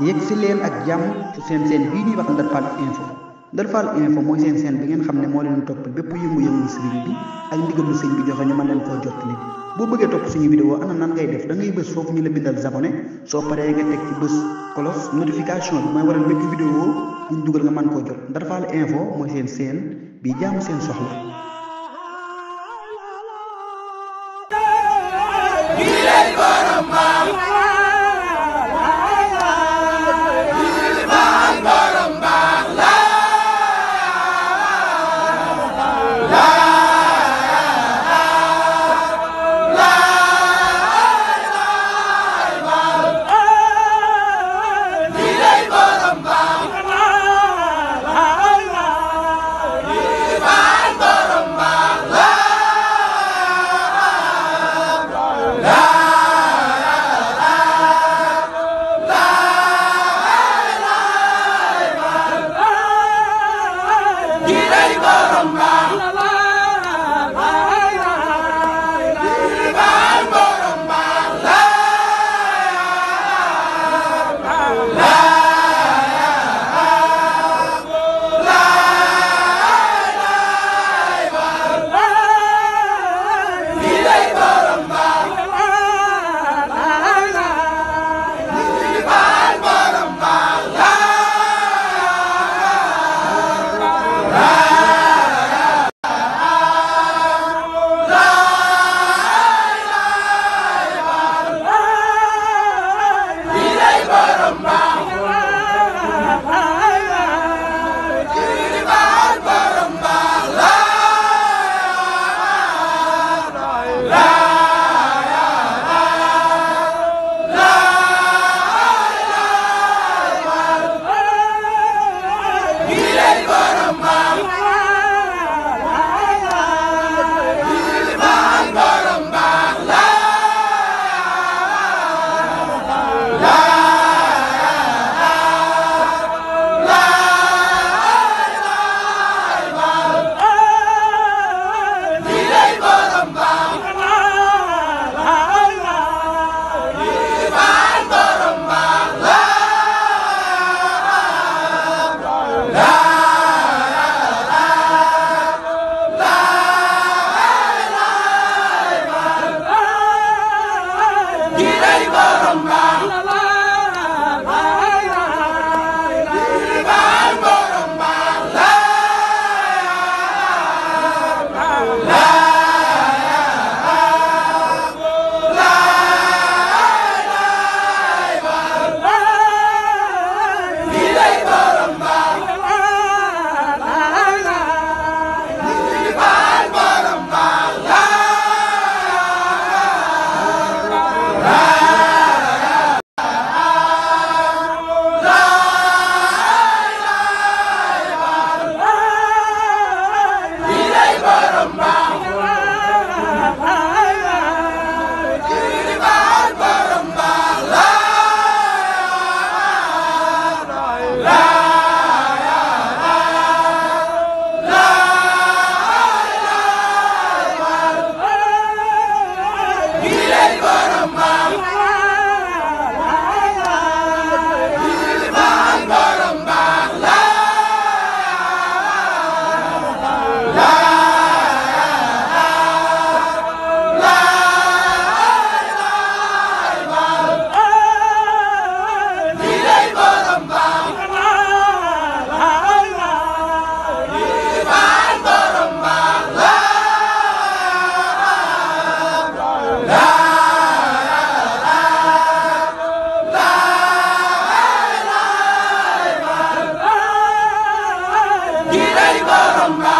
yegg si leen ak jàmm ci seen seen bii ñuy wax Ndar Fall info Ndar Fall info mooy seen seen bi ngeen xam ne moo leen topp bépp yëngu-yëngu sëriñ bi ak ndigalu sëñ bi joxe ñu mën leen koo jot nit boo bëggee topp suñu vidéo ana nan ngay def da ngay bës foofu ñu la bindal abonné soo paree nga teg ci bës cloche notification bi mooy waral bépp vidéo buñ dugal nga mën koo jot Ndar Fall info mooy seen seen bi jàmm seen soxla Baramba. rumba, rumba. Rambaramba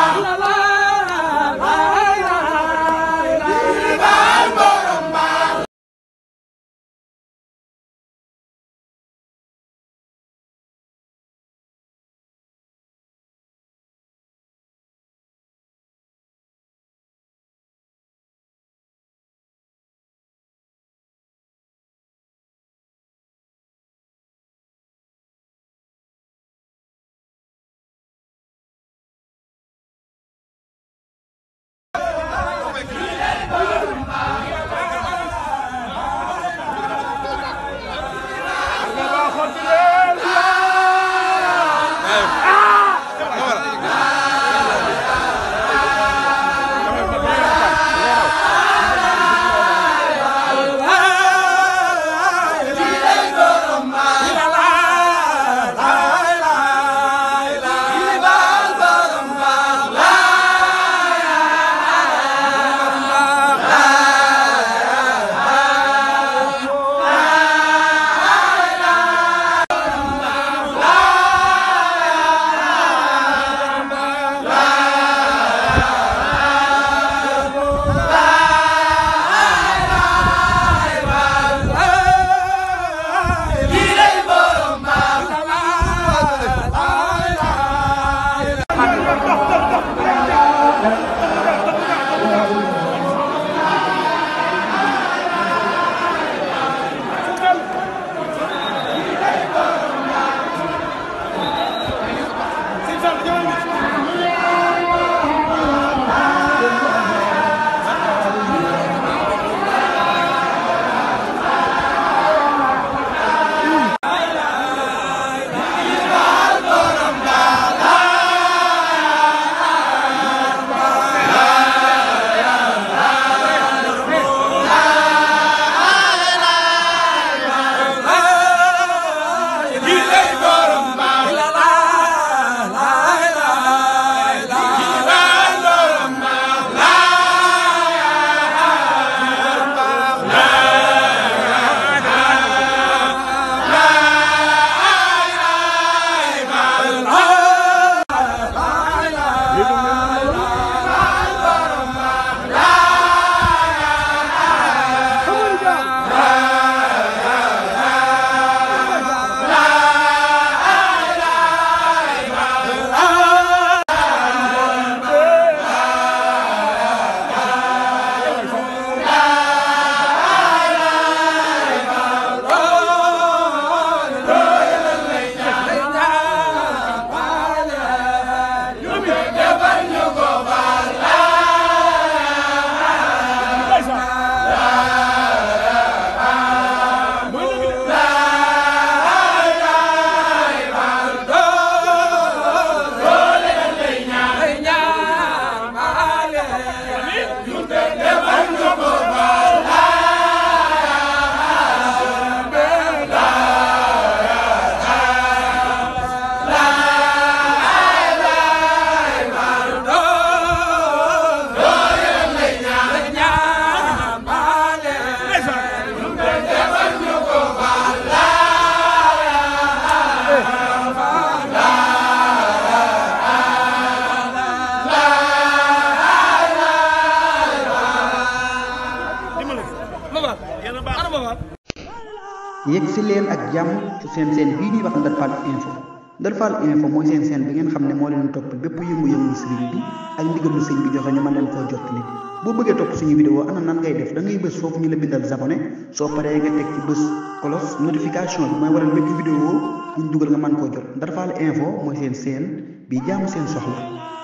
yegsi len ak jam ci sen sen bi ni wax Ndar info Ndar info moy sen-sen bi ngeen xamne ne len top bepp yimu yëngu-yëngu sëriñ bi ak ndigalu serigne bi joxe ñu man len ko jot nit bo bëggee top suñu vidéo ana nan ngay def da ngay bëss fofu ñu la bindal abonné so paré nga tek ci bëss kolos notification bi mooy waral bépp vidéo buñ duggal nga man ko jot Ndar info moy sen-sen, bi jam sen soxla